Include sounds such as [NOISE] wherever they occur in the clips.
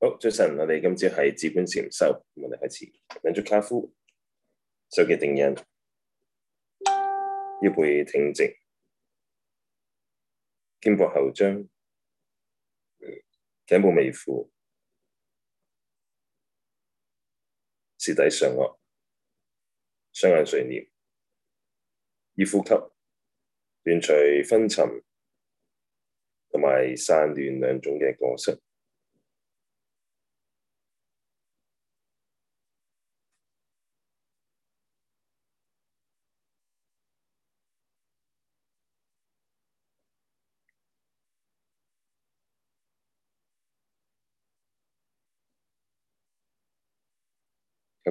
好，早晨，我哋今朝係止觀禪修，我哋開始。兩足跏趺，手結定印。腰背挺直，肩膊後張，頸部微俯，舌抵上顎，雙眼垂簾，以呼吸，斷除昏沉，同埋散亂兩種嘅角色。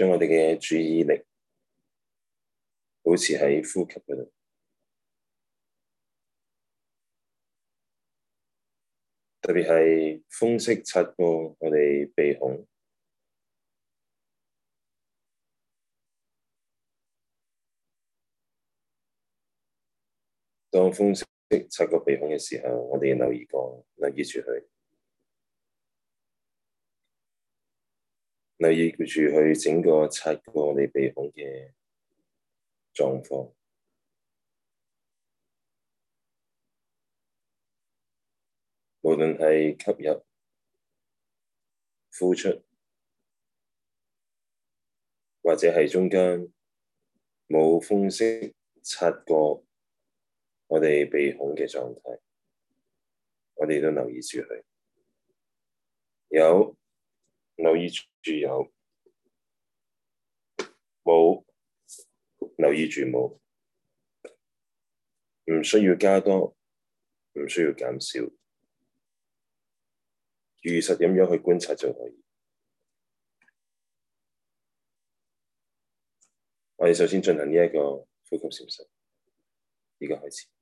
將我哋嘅注意力保持喺呼吸嗰度，特別係風息擦過我哋鼻孔。當風息擦過鼻孔嘅時候，我哋留意過，留意住佢。留意住去整個擦過你鼻孔嘅狀況，無論係吸入、呼出，或者係中間冇風聲擦過我哋鼻孔嘅狀態，我哋都留意住佢。有。留意住有，冇留意住冇，唔需要加多，唔需要減少，如實咁樣去觀察就可以。我哋首先進行呢、這、一個呼吸練習，依家開始。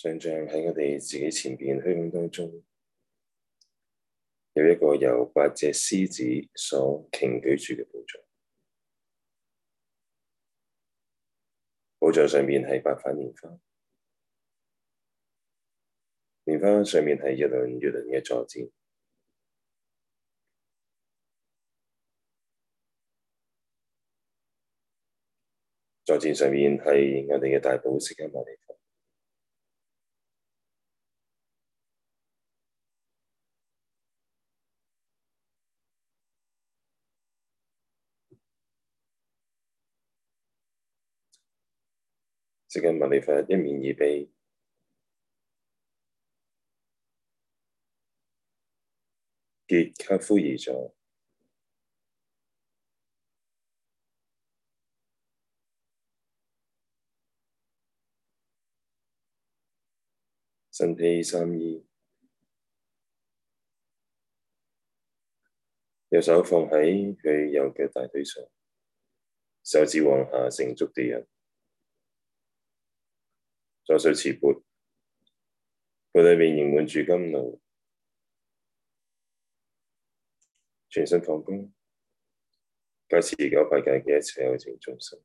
想象喺我哋自己前邊虛空當中，有一個由八隻獅子所擎舉住嘅寶座，寶座上面係八瓣蓮花，蓮花上面係一輪月輪嘅坐墊，坐墊上面係我哋嘅大寶石嘅摩尼接近物理法一面二臂，結跏趺而坐，身披三衣，右手放喺佢右腳大腿上，手指往下成觸地印。在左手持缽，缽裏面盈滿住甘露，全身放光，不似而家佛界嘅一切有情眾生。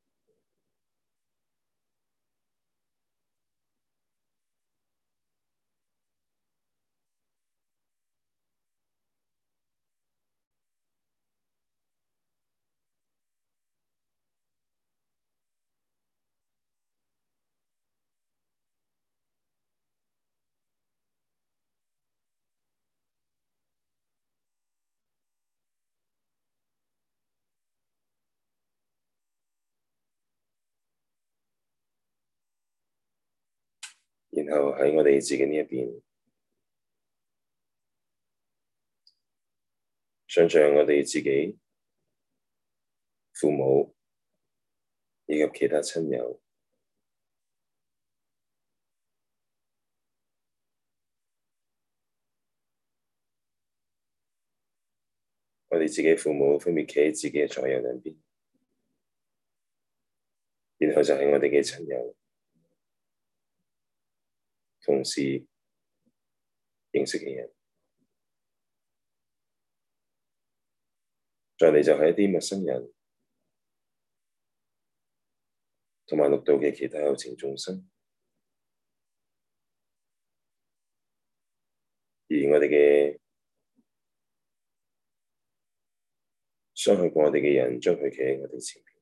然後喺我哋自己呢一邊，想象我哋自己父母以及其他親友，我哋自己父母分別企喺自己嘅左右兩邊，然後就係我哋嘅親友。同時認識嘅人，再嚟就係一啲陌生人，同埋六道嘅其他有情眾生，而我哋嘅傷害過我哋嘅人，將佢企喺我哋前面。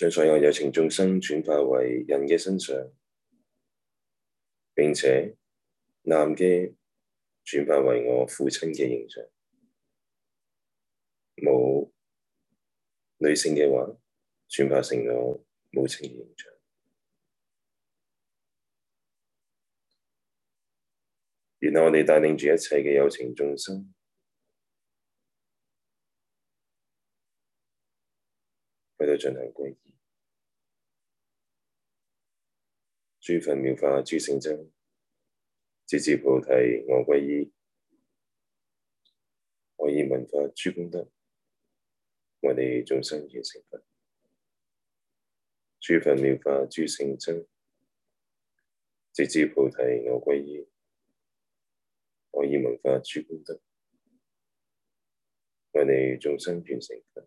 將所有有情眾生轉化為人嘅身上，並且男嘅轉化為我父親嘅形象，冇女性嘅話轉化成我母親嘅形象。然後我哋帶領住一切嘅有情眾生。都進行歸依，諸佛妙法諸聖僧，直至菩提我皈依，我以文化諸功德，為利眾生願成佛。諸佛妙法諸聖僧，直至菩提我皈依，我以文化諸功德，為利眾生願成佛。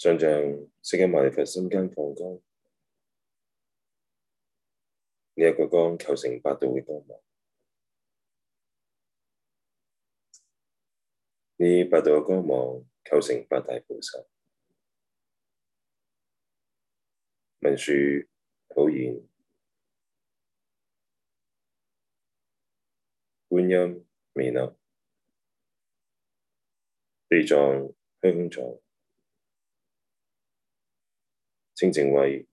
想像釋迦牟尼佛心間放光，光，呢一個光構成八道嘅光芒。呢八道嘅光芒構成八大菩薩：文殊、普賢、觀音、彌勒、地藏、虛空藏。清正為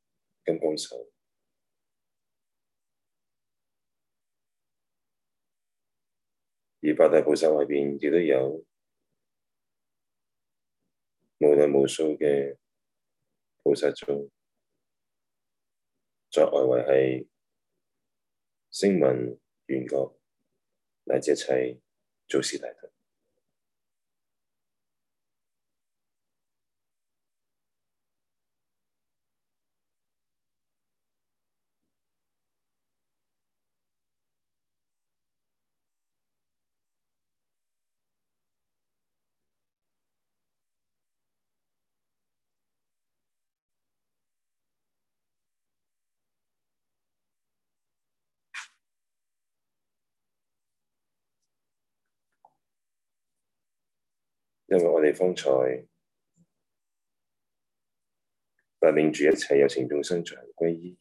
金剛手，而八大菩薩外面亦都有無量無數嘅菩薩眾，在外圍係聲聞緣覺乃至一切諸事大德。因為我哋方才帶領住一切有情眾生長皈依，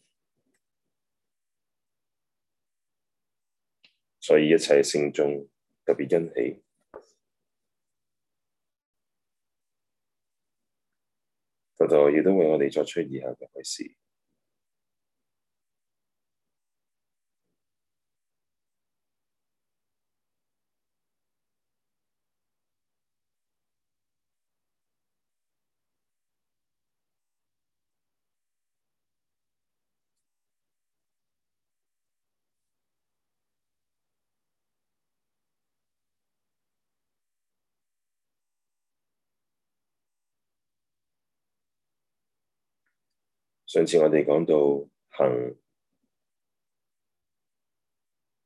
所以一切聖眾特別欣喜，佛陀亦都為我哋作出以下嘅開示。上次我哋講到行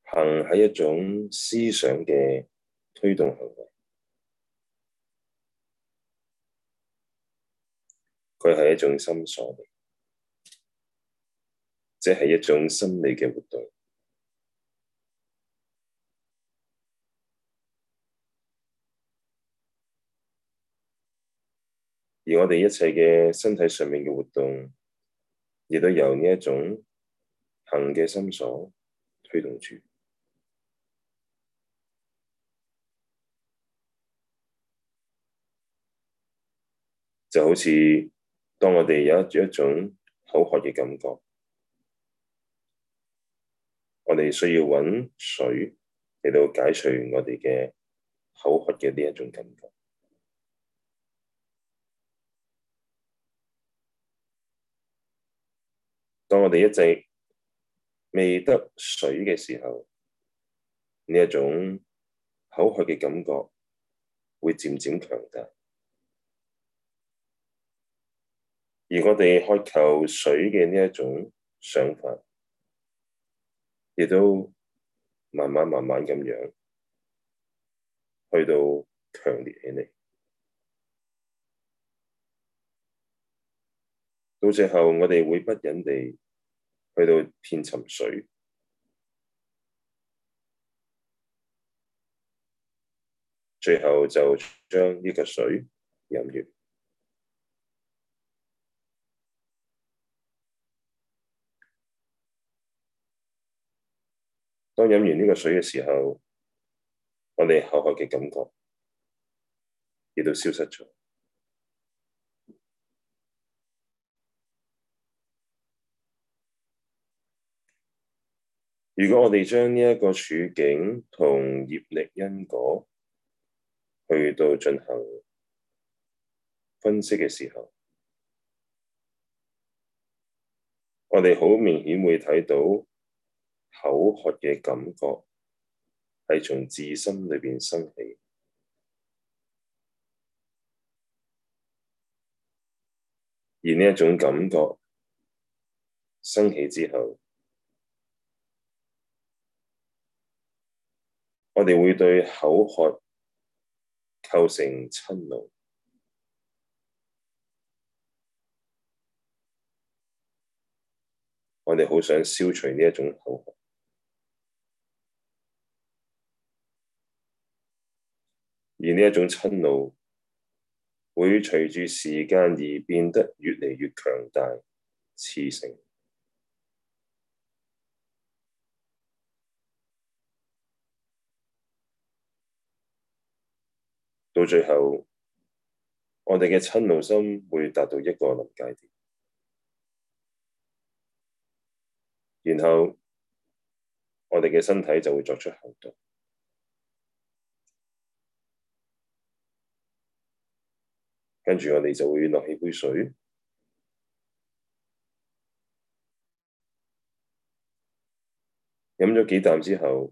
行，係一種思想嘅推動行為，佢係一種心所，即係一種心理嘅活動，而我哋一切嘅身體上面嘅活動。亦都由呢一種恨嘅心所推動住，就好似當我哋有一種口渴嘅感覺，我哋需要搵水嚟到解除我哋嘅口渴嘅呢一種感覺。當我哋一直未得水嘅時候，呢一種口渴嘅感覺會漸漸強大，而我哋渴求水嘅呢一種想法，亦都慢慢慢慢咁樣去到強烈起嚟。到最後，我哋會不忍地去到舔沉水，最後就將呢個水飲完。當飲完呢個水嘅時候，我哋口渴嘅感覺亦都消失咗。如果我哋將呢一個處境同業力因果去到進行分析嘅時候，我哋好明顯會睇到口渴嘅感覺係從自心裏邊生起，而呢一種感覺生起之後。我哋會對口渴構成侵怒，我哋好想消除呢一種口渴，而呢一種侵怒會隨住時間而變得越嚟越強大、持性。到最後，我哋嘅親露心會達到一個臨界點，然後我哋嘅身體就會作出行動，跟住我哋就會攞起杯水，飲咗幾啖之後。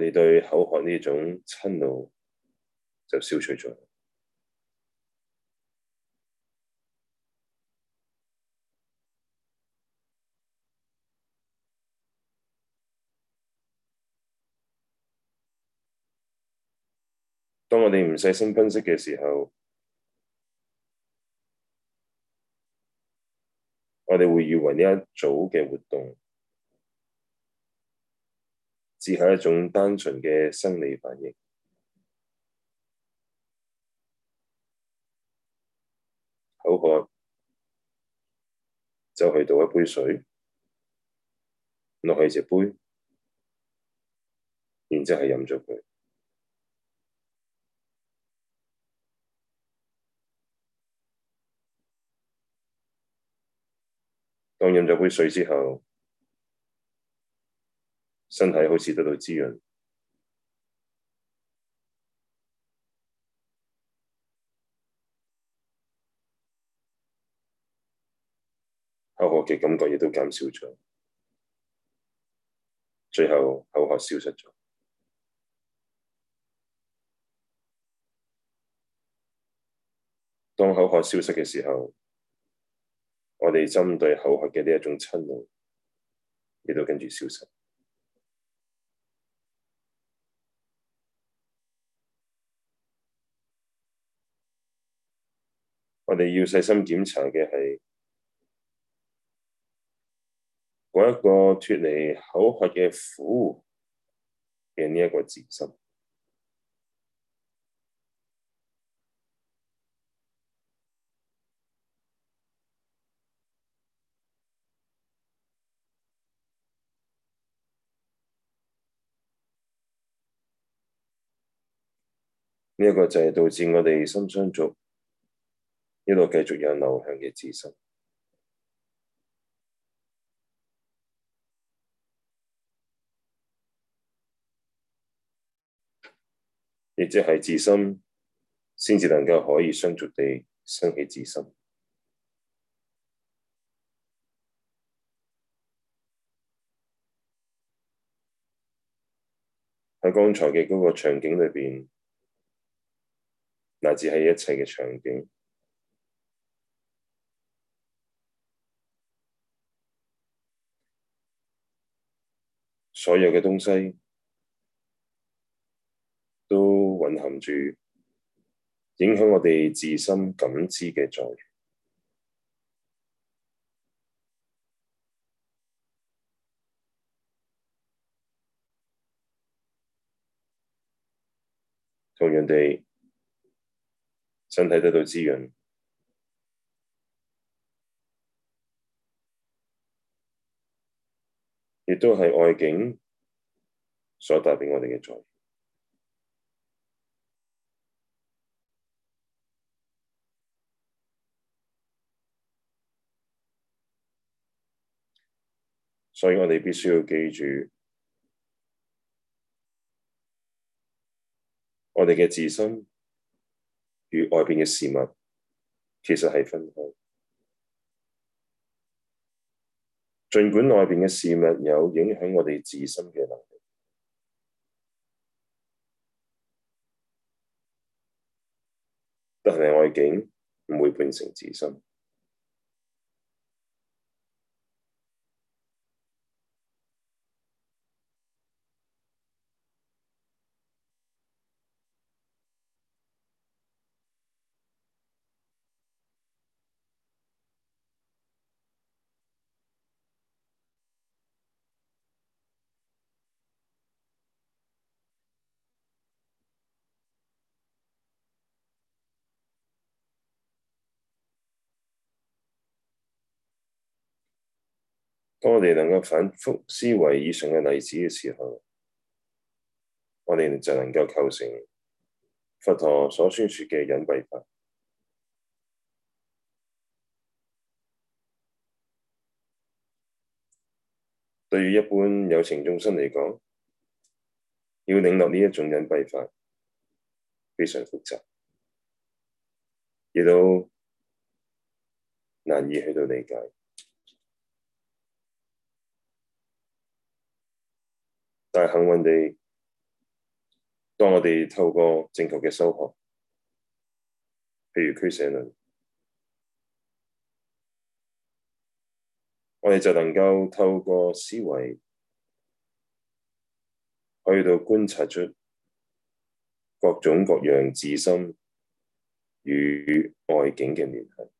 你哋對口渴呢種親怒就消除咗。當我哋唔細心分析嘅時候，我哋會以為呢一組嘅活動。只係一種單純嘅生理反應，口渴就去倒一杯水落去隻杯，然之後係飲咗佢。當飲咗杯水之後，身體好似得到滋潤，口渴嘅感覺亦都減少咗，最後口渴消失咗。當口渴消失嘅時候，我哋針對口渴嘅呢一種瞋怒，亦都跟住消失。我哋要細心檢查嘅係嗰一個脫離口渴嘅苦嘅呢一個自心，呢、這、一個就係導致我哋心相續。一路繼續有流向嘅自信，亦即係自信先至能夠可以相續地生起自信。喺剛才嘅嗰個場景裏邊，乃至係一切嘅場景。所有嘅東西都蘊含住影響我哋自身感知嘅作用，同樣地，身體得到滋潤。亦都係外境所帶俾我哋嘅財，所以我哋必須要記住，我哋嘅自身與外邊嘅事物其實係分開。儘管外邊嘅事物有影響我哋自身嘅能力，但係外境唔會變成自身。當我哋能夠反覆思維以上嘅例子嘅時候，我哋就能夠構成佛陀所宣說嘅隱蔽法。對於一般有情眾生嚟講，要領悟呢一種隱蔽法，非常複雜，亦都難以去到理解。但幸運地，當我哋透過正確嘅修學，譬如俱舍論，我哋就能夠透過思維去到觀察出各種各樣自心與外境嘅聯繫。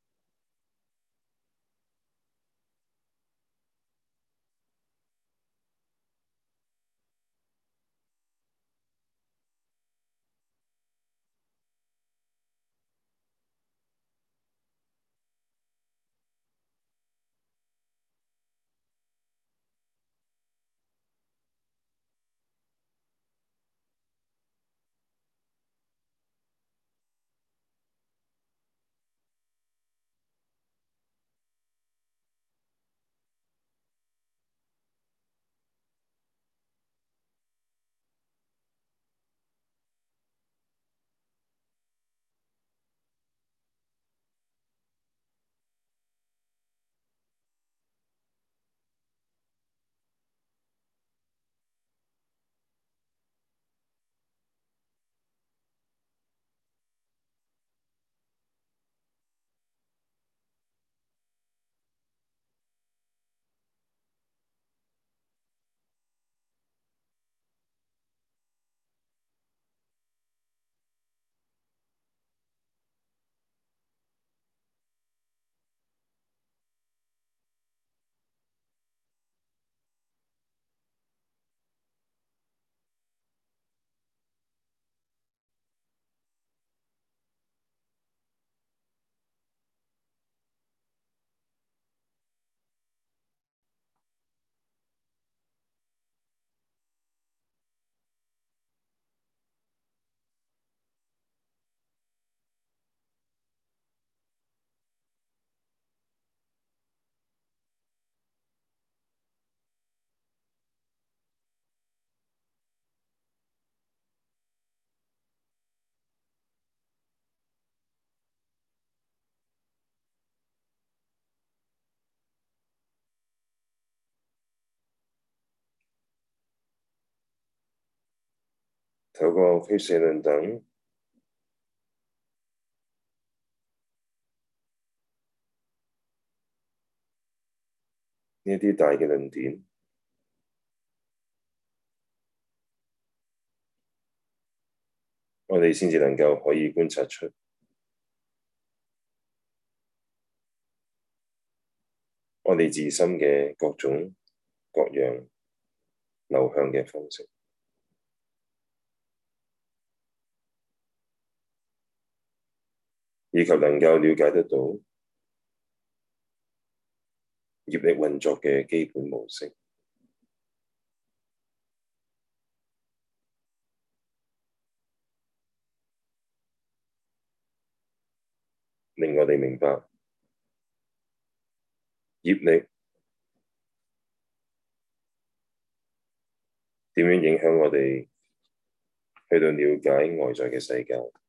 透過黑色論等呢啲大嘅論點，我哋先至能夠可以觀察出我哋自身嘅各種各樣流向嘅方式。以及能夠瞭解得到業力運作嘅基本模式，令我哋明白業力點樣影響我哋去到了解外在嘅世界。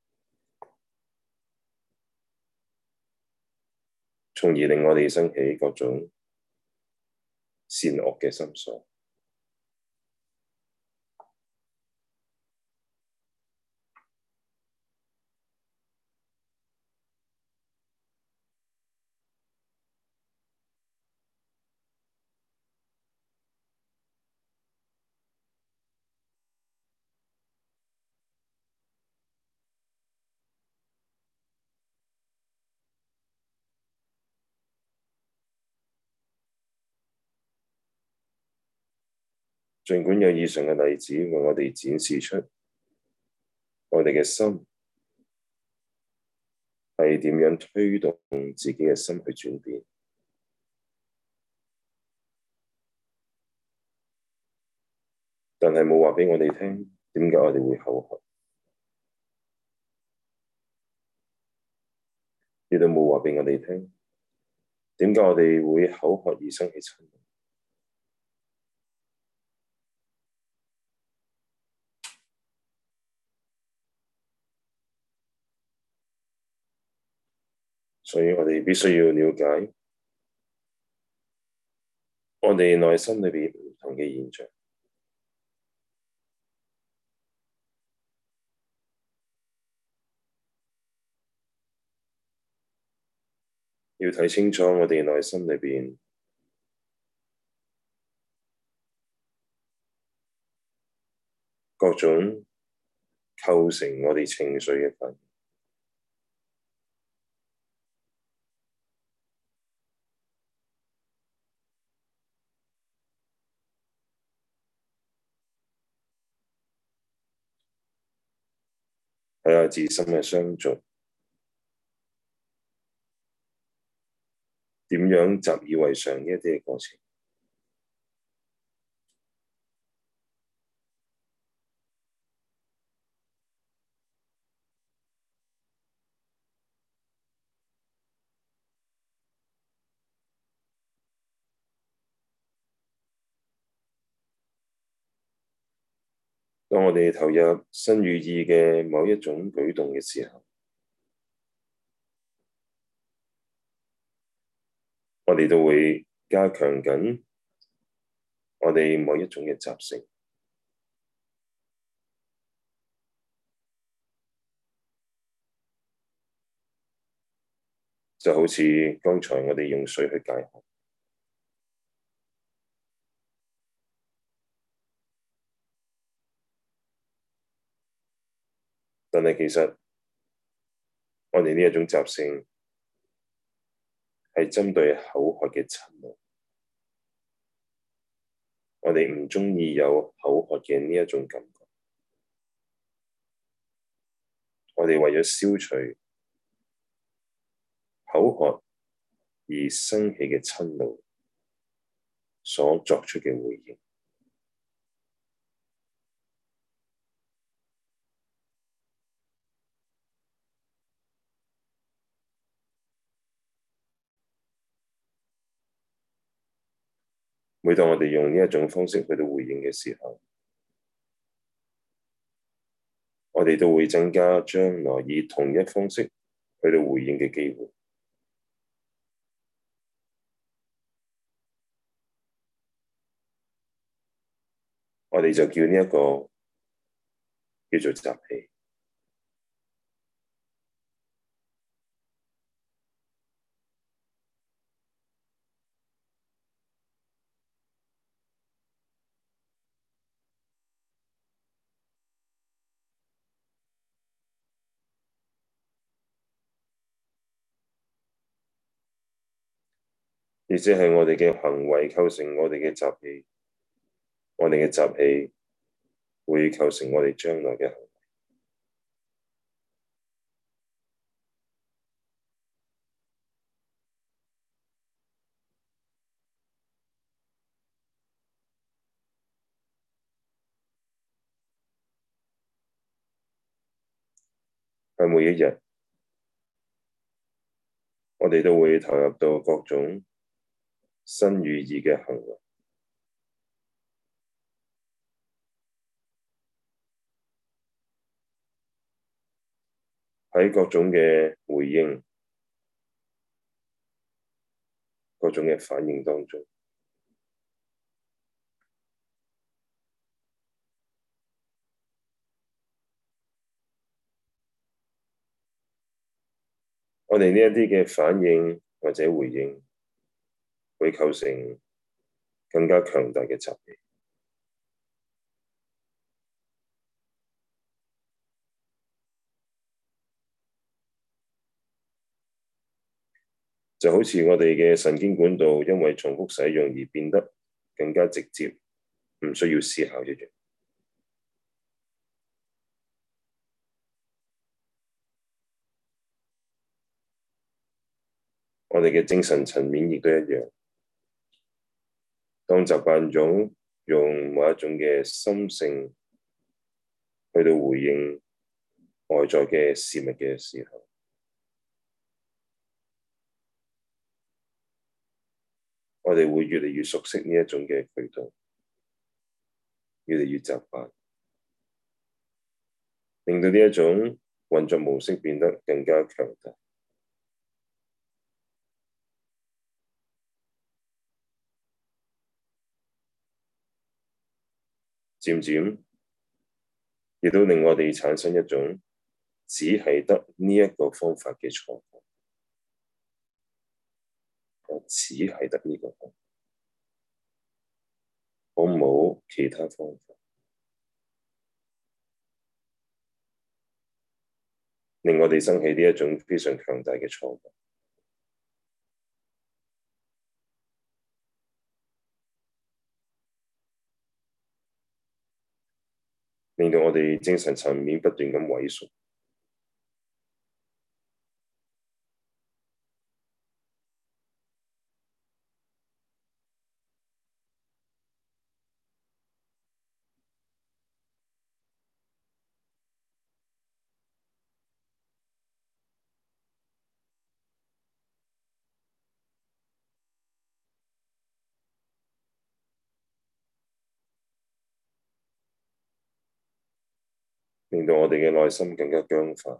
從而令我哋生起各種善惡嘅心所。儘管有以上嘅例子為我哋展示出我哋嘅心係點樣推動自己嘅心去轉變，但係冇話畀我哋聽點解我哋會口渴？亦都冇話畀我哋聽點解我哋會口渴而生氣。所以我哋必須要了解我哋內心裏邊唔同嘅現象，要睇清楚我哋內心裏邊各種構成我哋情緒嘅分。睇下自身嘅相續，點樣習以為常呢一啲嘅過程。當我哋投入新寓意嘅某一種舉動嘅時候，我哋都會加強緊我哋某一種嘅習性，就好似剛才我哋用水去解渴。但係，其實我哋呢一種習性係針對口渴嘅嗔怒，我哋唔鍾意有口渴嘅呢一種感覺，我哋為咗消除口渴而生起嘅嗔怒所作出嘅回應。每當我哋用呢一種方式去到回應嘅時候，我哋都會增加將來以同一方式去到回應嘅機會。我哋就叫呢、這、一個叫做習氣。亦即係我哋嘅行為構成我哋嘅習氣，我哋嘅習氣會構成我哋將來嘅行為。喺每一日，我哋都會投入到各種身與意嘅行為，喺各種嘅回應、各種嘅反應當中，我哋呢一啲嘅反應或者回應，會構成更加強大嘅集體，就好似我哋嘅神經管道，因為重複使用而變得更加直接，唔需要思考一樣。我哋嘅精神層面亦都一樣。當習慣咗用某一種嘅心性去到回應外在嘅事物嘅時候，我哋會越嚟越熟悉呢一種嘅渠道，越嚟越習慣，令到呢一種運作模式變得更加強大。漸漸，亦都令我哋產生一種只係得呢一個方法嘅錯覺，只係得呢個，我冇其他方法，令我哋生起呢一種非常強大嘅錯覺。令到我哋精神層面不斷咁萎縮。令到我哋嘅內心更加僵化，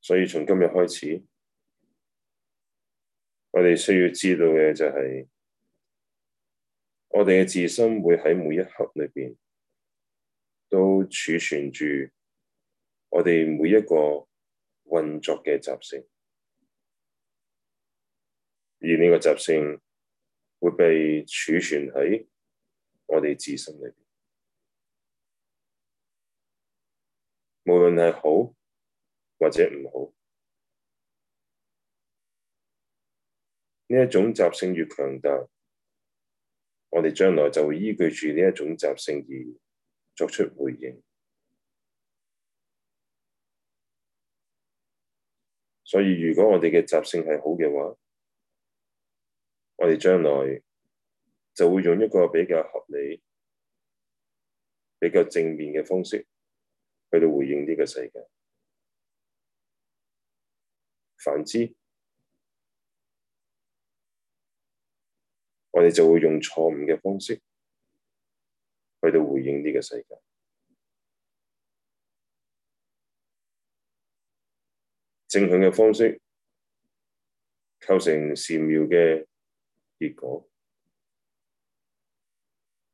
所以從今日開始，我哋需要知道嘅就係，我哋嘅自身會喺每一刻裏邊都儲存住我哋每一個運作嘅習性，而呢個習性會被儲存喺我哋自身裏邊，無論係好或者唔好。呢一種習性越強大，我哋將來就會依據住呢一種習性而作出回應。所以，如果我哋嘅習性係好嘅話，我哋將來就會用一個比較合理、比較正面嘅方式去到回應呢個世界。反之，我哋就會用錯誤嘅方式去到回應呢個世界，正向嘅方式構成善妙嘅結果，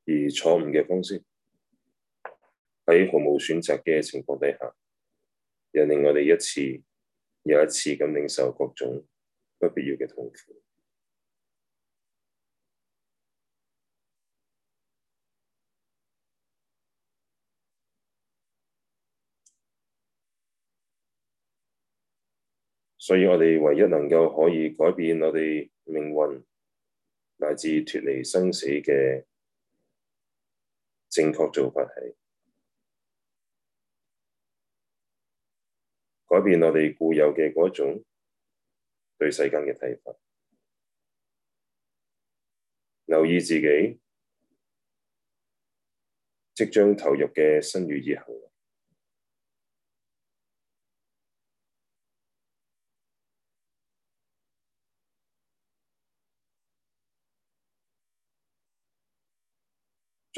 而錯誤嘅方式喺毫無選擇嘅情況底下，又令我哋一次又一次咁領受各種不必要嘅痛苦。所以我哋唯一能夠可以改變我哋命運，乃至脫離生死嘅正確做法，係改變我哋固有嘅嗰種對世間嘅睇法，留意自己即將投入嘅身語意行。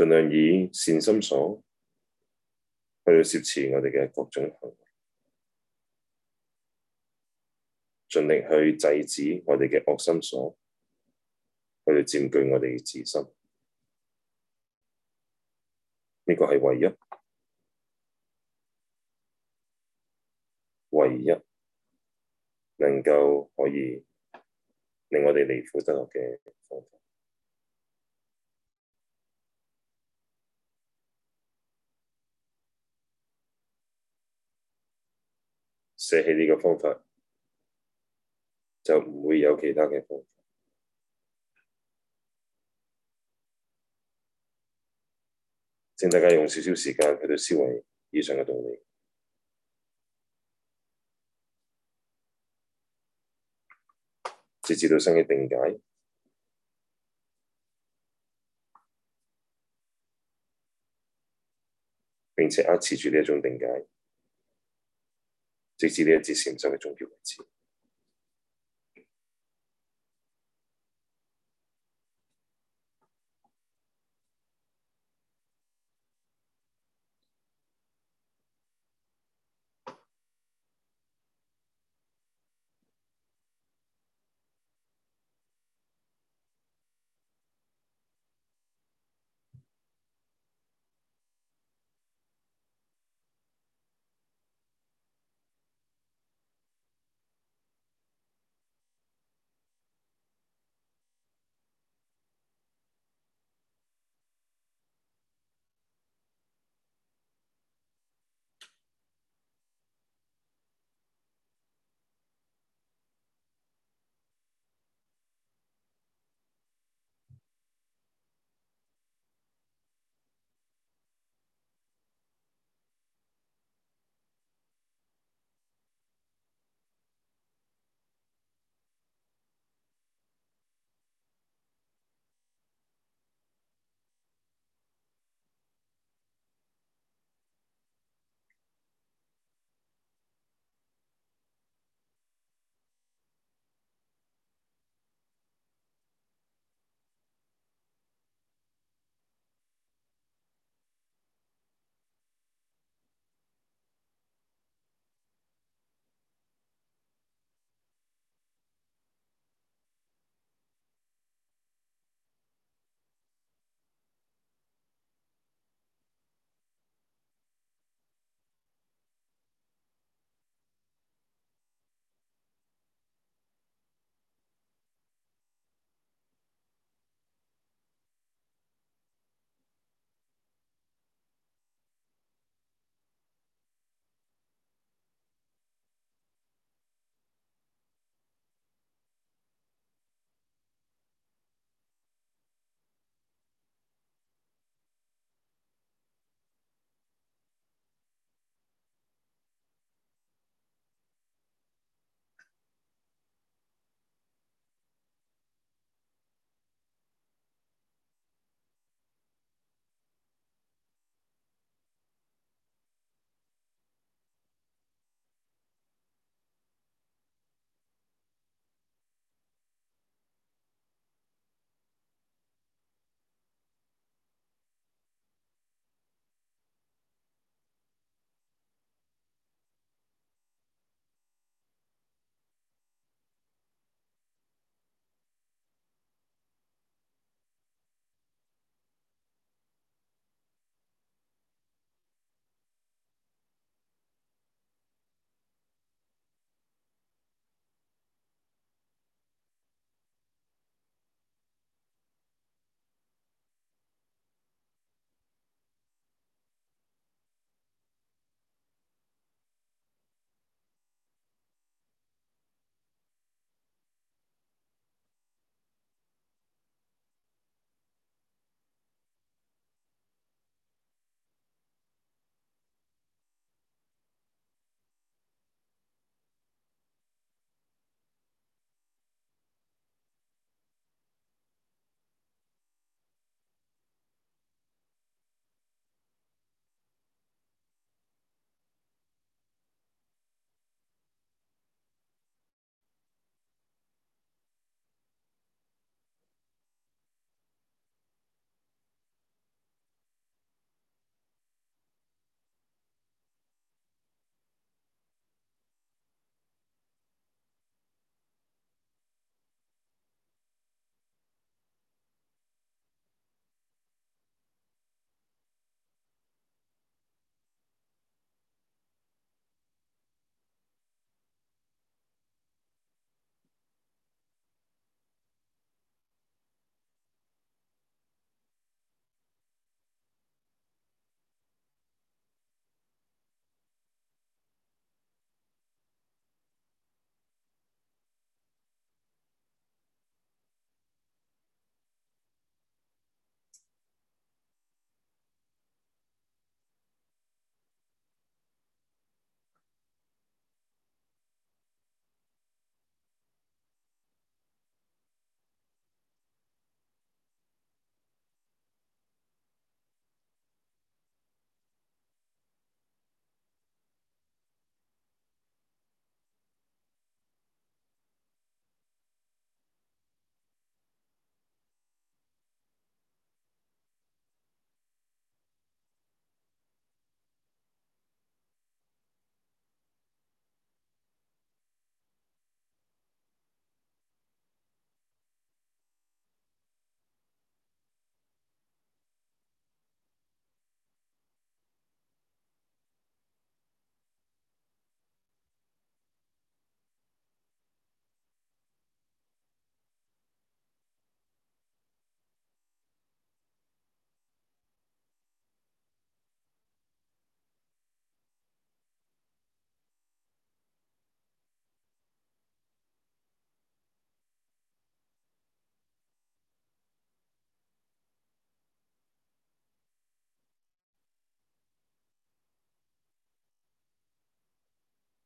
盡量以善心所去攝持我哋嘅各種行為，盡力去制止我哋嘅惡心所去佔據我哋嘅自心。呢個係唯一、唯一能夠可以令我哋離苦得樂嘅。捨棄呢個方法，就唔會有其他嘅方法。請大家用少少時間去到思維以上嘅道理，直至到新嘅定解，並且扼持住呢一種定解。直至呢一支線上嘅終結為止。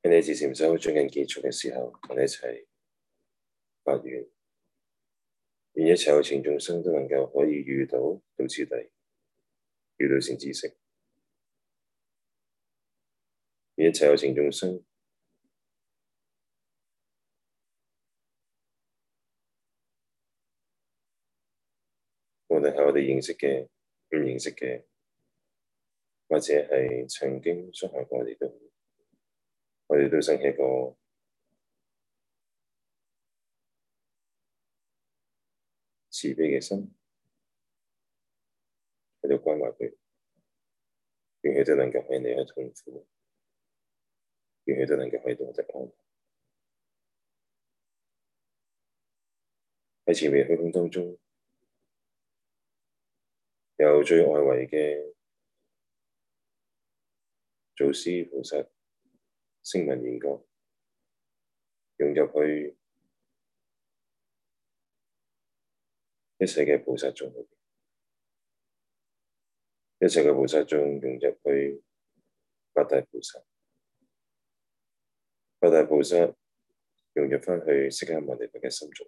喺你自禪修將近結束嘅時候，同你一齊發願，願一切有情眾生都能夠可以遇到金智地遇到善知識，願一切有情眾生，無論係我哋認識嘅、唔認識嘅，或者係曾經傷害過我哋都。佢哋都升起一個慈悲嘅心，喺度關懷佢，願佢都能夠揾你嘅痛苦，願佢都能夠揾到一痛苦。樂喺前面虛空當中，有最外圍嘅祖師菩薩。聲聞緣覺融入去一切嘅菩薩像，一切嘅菩薩像融入去八大菩薩，八大菩薩融入返去釋迦牟尼佛嘅心中。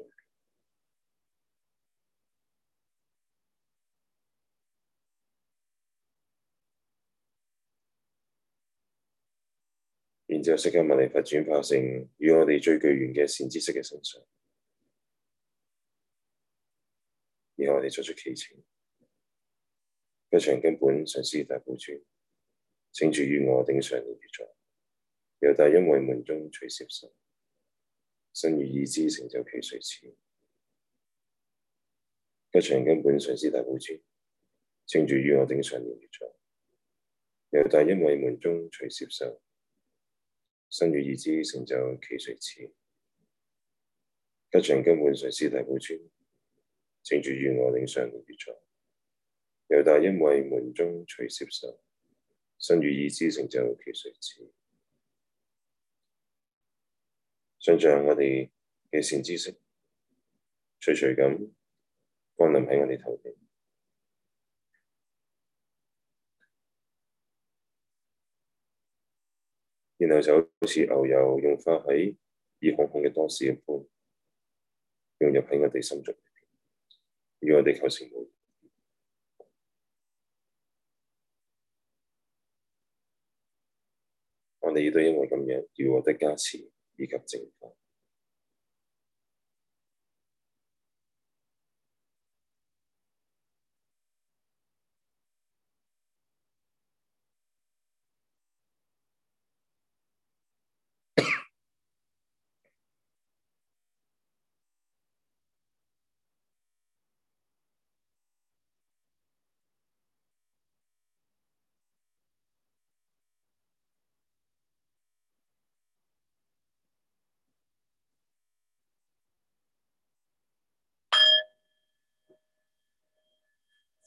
只世界物理法發展化成，於我哋最具緣嘅善知識嘅身上，而我哋作出祈請。吉祥根本上師大寶尊，請住於我頂上蓮月座，由大音位門中取攝受，身語意之成就祈賜予。吉祥根本上師大寶尊，請住於我頂上蓮月座，由大音位門中取攝受。身如意之成就其誰似，吉祥根本上師大寶尊，請住於我頂上如在，又大因爲門中隨攝手，身如意之成就其誰似，想像我哋嘅善知識，徐徐咁降臨喺我哋頭頂。然後就好似牛油融化喺熱烘烘嘅多士一般，融入喺我哋心中裏邊，與我哋求神無異。我哋亦都因為咁樣而獲得加持以及淨化。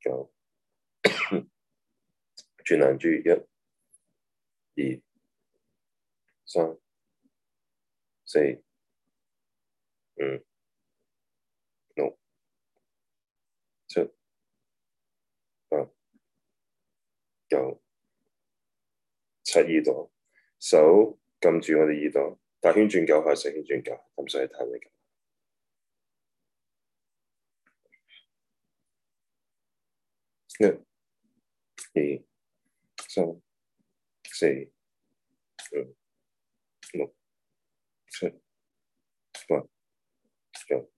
9, [COUGHS] 轉眼轉九轉難轉，一、二、三、四、五、六、七、八、九、七耳朵手撳住我哋耳朵，大圈轉九下，細圈轉九，咁所以睇你。一、二、三、四、五、六、七、八、九、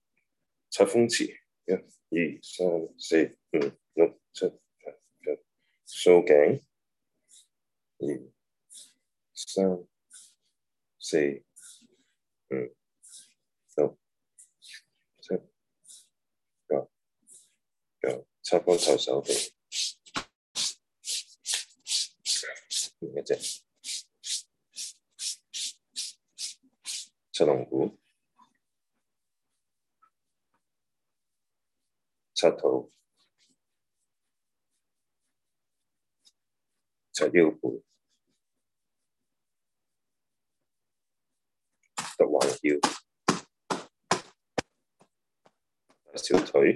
七風池，一、二、三、四、五、六、七、八、九、束頸，二、三、四、五、六、七、八、九。七膊頭手臂，另一隻，插龍骨，七頭，七,七腰盤，插橫腰，小腿。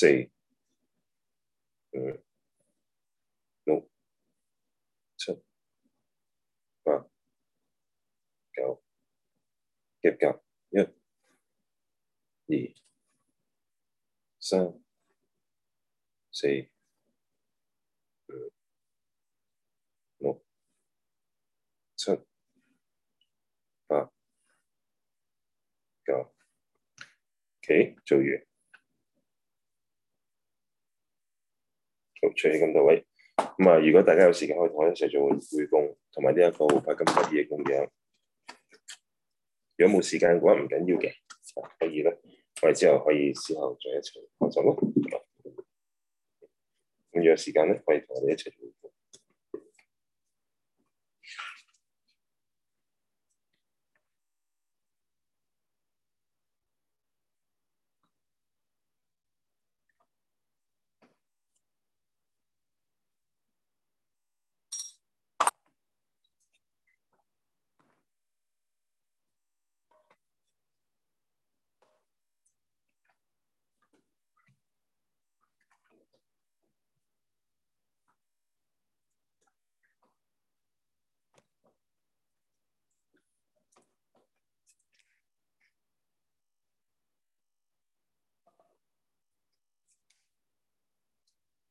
四、六、七、八、九、結結一、二、三、四、五、六、七、八、九，OK，做完。出起咁多位，咁、嗯、啊！如果大家有時間，可以同我一齊做會共，同埋呢一個好拍咁得意嘅工樣。如果冇時間嘅話，唔緊要嘅，可以啦。我哋之後可以之後再一齊合作咯。咁、嗯、如果有時間咧，可以同我哋一齊